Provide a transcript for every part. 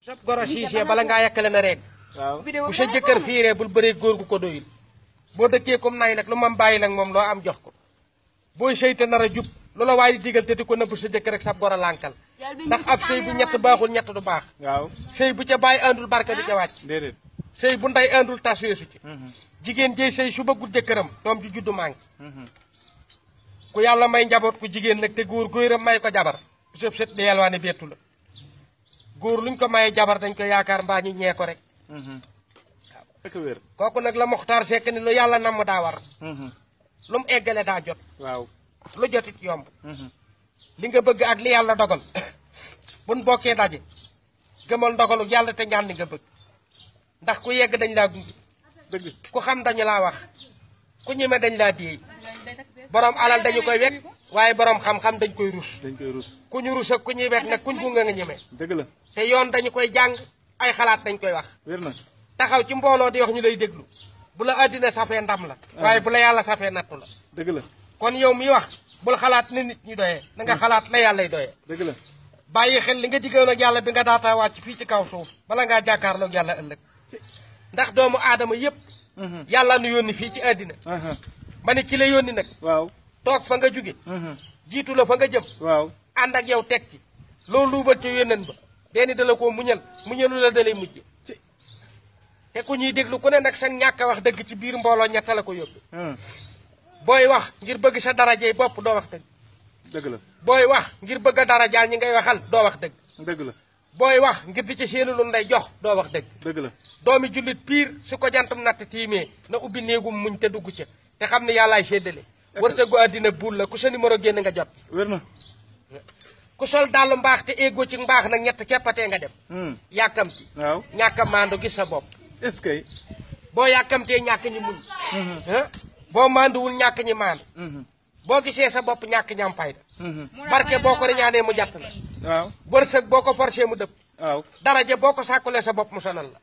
sab goro siisee bala ngaa yàkkale na reen bu sa jëkkër fiiree bul bëree góor gu ko doyul boo dëkkee comme nay nag lu mam bàyyi nag moom loo am jox ko booy sëy te nar a jub loola waaye di digal te di ko nëbb sa jëkkër rek sab goro lànkal ndax ab sëy bu ñett baaxul ñett du baax sëy bu ca bàyyi àndul barke du ca wàcc ah, sëy bu ndey àndul tas weesu ci mhm. jigéen jëy sëy su bëggul jëkkëram doom ju juddu manqué mhm. ku yàlla may njaboot ku jigéen nag te góor góoram may ko jabar bu sëb sët di la góor luñ ko maye jabar dañ ko yaakaar mbaa ñu ñee ko rek. Mm-hmm. kooku nag la Moxtaar Seck ni lu yàlla namm daa war. Mm-hmm. lu mu eggale daa jot. waaw lu jotit yomb. Mm-hmm. li nga bëgg ak li yàlla dogal buñ bokkee daje gëmal ndogalu yàlla te ñaan li nga bëgg ndax ku yegg dañ laa gunge. ku xam dañu laa wax. ku ñëmé dañ la téye borom alal dañ koy wék waye borom xam-xam dañ koy rus. dañ koy rus ku ñu rus ak ku ñi wék nak kuñ nga ñëmé dëgg la té yoon dañ koy jang ay xalaat dañ koy wax. wërna na taxaw ci mbolo di wax ñu lay dégglu bu la adina safé ndam la. Ah. waye bu la yalla safé nattu la. dëgg la kon yow mi wax bu xalaat ni nit ñi doyé da nga hmm. xalaat la yàllay doyé dëgg la bayyi xel li nga ak yalla bi nga wacc fi ci kaw suuf bala jakarlo ak yalla ëlëk ndax doomu adama yépp Mhm. yàlla nu yónni fii ci àddina mhm. ma ne ki la yónni nag waaw toog fa nga jóge mhm. jiitu la fa nga jëm waaw ànd ak yow teg ci loolu luubal ca yónneen ba deni dala koo muñal muñalu la dalay te ku ñuy déglu ku ne nag san ñàkk a wax dëgg ci biir mbooloo ñett la ko yóbbu booy wax ngir bëgg sa darajey bopp doo wax dëgg dëgg la booy wax ngir bëgg a darajaal ñi ngay waxal doo wax dëgg la boy wax nga di ci seeni lu nday jox do wax deug deug la domi julit piir su ko jantam natt na ubi néegum muñ te dugg ci te yalla ay yàllaay wërse go adina bul la ku sa numéro genn nga jot wërna ku sol dalu mbax te ego ci mbax nak ñett keppatee nga dem hmm. yakam ci waw ñaka mandu gi sa bop est-ce que yakam te ñak ñi muñ mandu hmm. wul ñak ñi hmm bo gisé sa bop ñak ñam da hmm barké boko riñaanee mu jatt la waaw boko forcé mu dëpp waaw daraje boo ko sa bop mu sonal la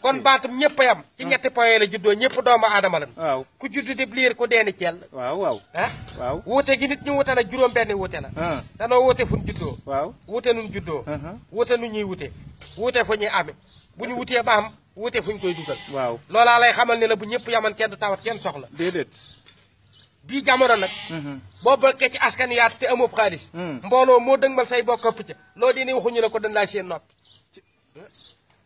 kon batum ñepp yam ci ah. ñetti poyé la juddo ñepp dooma adama la waaw ku juddu di liir ku déni ciel waaw waaw ah waaw wuute gi nit ñu wuté la juroom benni wuté la ah. danoo wuute fu ñu waaw wuté nun juddo uh-huh. wuté nu ñuy wuté wuté fu ñuy amee bu ñu wuté ba koy duggal waaw lay xamal ni la bu ñepp yamanté du tawat kenn soxla dedet bii jamono nag mhm. boo bokkee ci askan yaat te amoo xaalis mhm. mbooloo moo dëgmal say bokk ëpp ca loo di ni waxuñu la ko dañ la seen noppi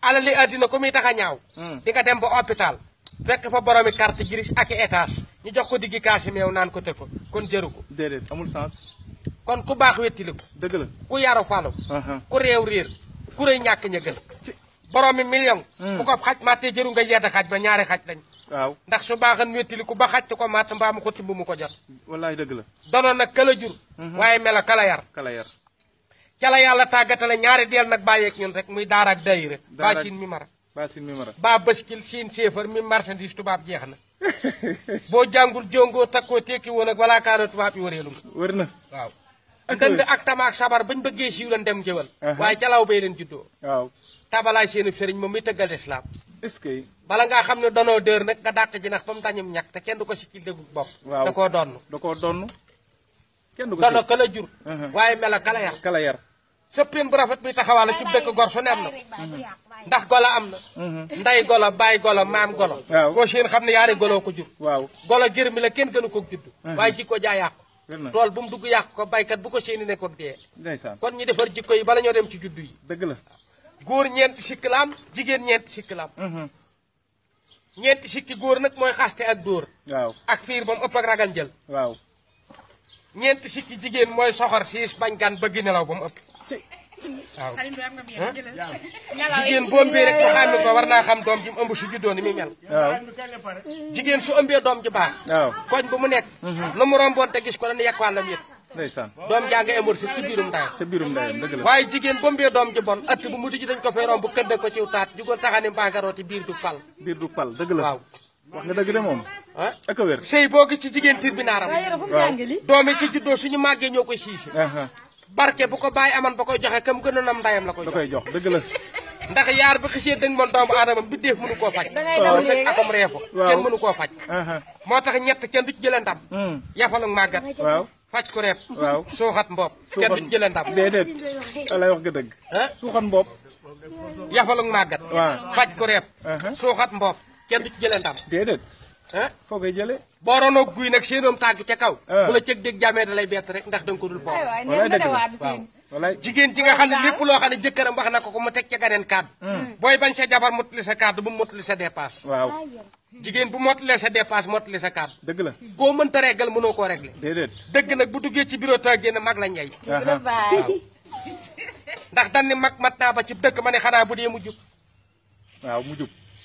alali àddina ko muy tax a ñaaw mhm. di nga dem ba hôpital fekk fa boromi carte grise ak étage ñu jox ko diggi kaasi meew naan ko teg ko kon jëru ko déedéet amul kon ku baax wettiliku dëgg la ku yaru falu ku réew réer ku rëy ñàkk ña boroomi million bu hmm. ko xaj mattee jëru nga yedd xaj ba ñaari xaj lañ waaw ndax su baaxan wettili ku ba xaj ko matt mbaa mu ko timb mu ko jot wallaay dëgg la donoon nag kala jur hmm. waaye mela kala yar kala yar cala yàlla tàggatale ñaari deel nag bàyyeeg ñun rek muy daara ak dayira baa siin mi mara baa siin mi mara baa bëskil tubaab jeex na boo jàngul jongoo takkoo tekki woon ak walaa kaana tubaab yi wëreelu nga wër ndënd ak tamaak sabar bañ bëggee siiw lan dem jëwal waaye jalaaw bay leen juddoo waaw tabalaay seen sëriñ moom mi tëggal islaam est-ce que bala ngaa xam ne donoo dër nag nga dàq ji nax ba mu dañum ñàkk te kenn du ko sikkil dëggu bopp da koo donn da koo donn kenn du ko dono kala jur waaye mela kala yar kala yar sëppin bu rafet bi taxawal ci dëkk gor su ne am na ndax golo am na nday golo baay golo maam golo koo seen xam ne yaari golo ko jur waaw golo jër mi la kenn da ko judd waaye jikko jaa tool bu mu dugg yàq ko baykat bu ko seeni nekk ak dee kon ñu defar jikko yi bala ñoo dem ci juddu yi dëgg la góor ñeenti sikki jigéen ñeenti sikki la am mm-hmm. ñeenti sikki góor nag mooy xaste ak dóor ak fiir ba mu ëpp ak ragal njël waaw ñeenti sikki jigéen mooy soxor siis bañ gan bëgg nelaw ba mu ëpp waaw jigéen bu ëmbee rek ba ko war naa xam doom ji mu ëmb su juddoo ni muy mel. waaw jigéen su ëmbee doom ji baax. koñ bu mu nekk. nu mhm. mu romboon te gis ko dañuy yàq wàllam la ndeysaan doom jaa nga ëmbal si ci biirum ndayam ca biirum ndayam dëgg waaye jigéen ba mbee doom ji bon ëtt bu mu dijji dañ ko fay romb bu këdd ko ciw taat jugal taxani mbangarooti biir du pal biir du pal dëgg la waaw wax nga dëgg de moom ah ak a wér sëy boo ci jigéen tir bi naaram doomi ñoo koy siisi barke bu ko bàyyi aman bako joxe kam gëna nam ndayam la ko jox dakay jox deug la ndax yar ba xësee dañ mon doom adam bi def mënu ko fajj koo faj sëg akom reefu kenn mënu ko fajj moo tax ñett kenn du ci jëlee ndam hmm. yafalu màggat faj ku reep suuxat mbop kenn du ci jëlee ndam déedéet lay wax nga dëgg suuxat mbopp yafalu fajj ko ku reep suuxat mbop kenn du ci jëlee ndam déedéet foogay jële boo ronoog guy nag séenoom tàgg kaw bu la cëg dégg jamee da lay rek ndax danga ko dul foofu waaw jigéen ci nga xam ne wax ko mu bañ jabar mottali sa kàddu bu mottali sa dépasse waaw bu mottalee sa dépasse mottalee sa kàddu dëgg la koo mënta régal mënoo koo réglé déedéet dëgg nag bu duggee ci bureau ta génn mag la ñay ndax mag ba ci bu mu waaw mu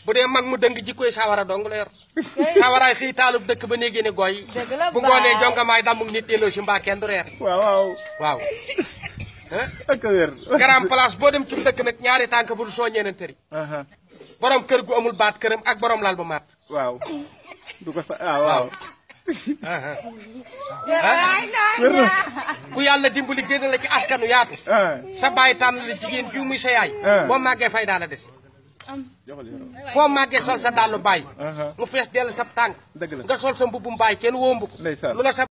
bu dee mag mu dëng jikko sawara dong leer sawara sawaraay xii taalub dëkk ba néegi ne goy bu Wow, may damug nit delloo ci mbaa kenn du reer waaw waaw waaw ak wér garam place bo dem ci dëkk nak ñaari tank bu du aha borom kër gu amul baat këram ak borom lal bu Wow. waaw du ko sa ah, waaw ku yalla dimbali génn la ci askanu yaatu sa baay tan la jigen ju muy sa yaay des foo màggee sol sa dàllu bàyyi uh-huh. mu fees dell sa tànk nga sol sa mbubbum bàyyi kenn wóombu ko lu la sa